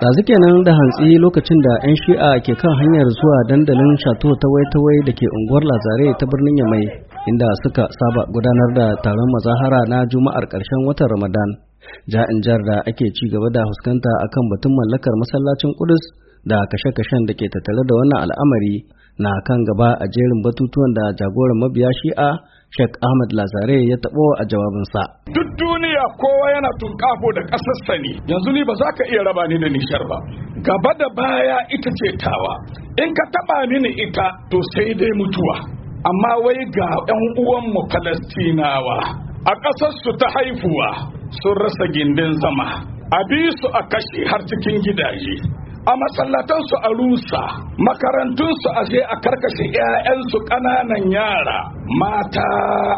Ɗazu kenan da hantsi lokacin da 'yan shi'a ke kan hanyar zuwa dandalin shato ta wai da ke unguwar lazare ta birnin Yamai inda suka saba gudanar da taron mazahara na juma'ar ƙarshen watan Ramadan. Ja'in jar da ake ci gaba da huskanta kan batun mallakar masallacin Kudus da kashe-kashen da ke tattare da wannan al'amari na kan gaba a jerin batutuwan da jagoran mabiya shi'a Sheikh Ahmad Lazare ya tabo a jawabinsa. Duk duniya kowa yana tunkafo da ƙasarsa ne, yanzu ni ba za ka iya raba ni da nishar ba. Gaba da baya ita ce tawa, in ka taba mini ita to sai dai mutuwa. Amma wai ga 'yan uwanmu Falastinawa a ƙasarsu ta haifuwa sun rasa gindin zama, a bi su a kashe har cikin gidaje. a masallatansu a rusa makarantunsu a je a karkashe 'ya'yansu ƙananan yara mata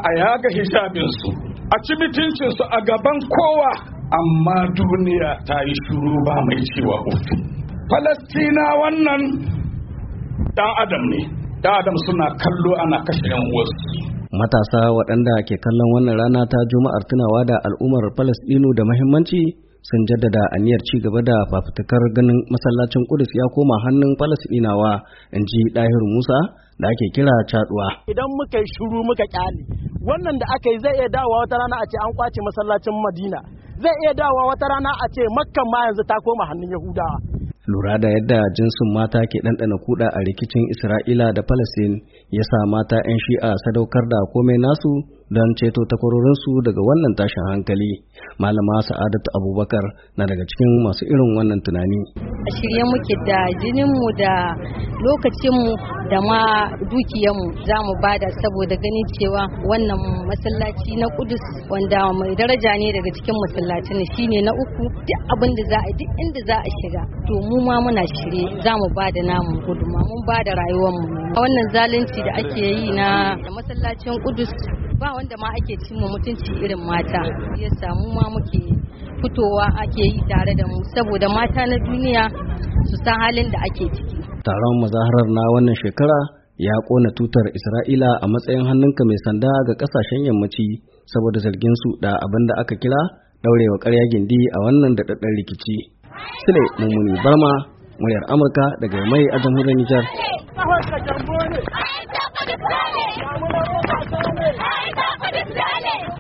a yaga hijabinsu a ci mutuncinsu a gaban kowa amma duniya ta yi shuru ba mai cewa ofi falastina wannan ɗan adam ne ɗan adam suna kallo ana kashe 'yan wasu matasa waɗanda ke kallon wannan rana ta juma'ar tunawa da al'ummar Falasɗinu da mahimmanci sun jaddada aniyar ci gaba da fafutukar ganin masallacin Kudus ya koma hannun Falasɗinawa, in ji Dahir Musa da ake kira caduwa. Idan muka yi shuru muka kyale, wannan da aka yi zai iya dawowa wata rana a ce an kwace masallacin Madina, zai iya dawowa wata rana a ce Makkan ma yanzu ta koma hannun Yahudawa. lura da yadda jinsin mata ke ɗanɗana kuɗa a rikicin Isra'ila da Falasɗin ya sa mata 'yan shi'a sadaukar da komai nasu don ceto takwarorinsu daga wannan tashin hankali malama sa'adatu abubakar na daga cikin masu irin wannan tunani a shirye muke da jininmu da lokacinmu da ma dukiyanmu za mu bada saboda ganin cewa wannan masallaci na kudus wanda mai daraja ne daga cikin masallacin shine na uku duk abin da za a duk inda za a shiga to mu ma muna shirye za mu bada namu guduma mun bada rayuwarmu wannan zalunci da ake yi na masallacin kudus ba wanda ma ake cimma mutunci irin mata ya samu ma muke fitowa ake yi tare da mu saboda mata na duniya su san halin da ake ciki taron mazaharar na wannan shekara ya kona tutar isra'ila a matsayin hannunka mai sanda ga kasashen yammaci saboda zargin su da abin da aka kira daurewa karya gindi a wannan daɗaɗɗen rikici sule mummuni barma muryar amurka daga mai a jamhuriyar nijar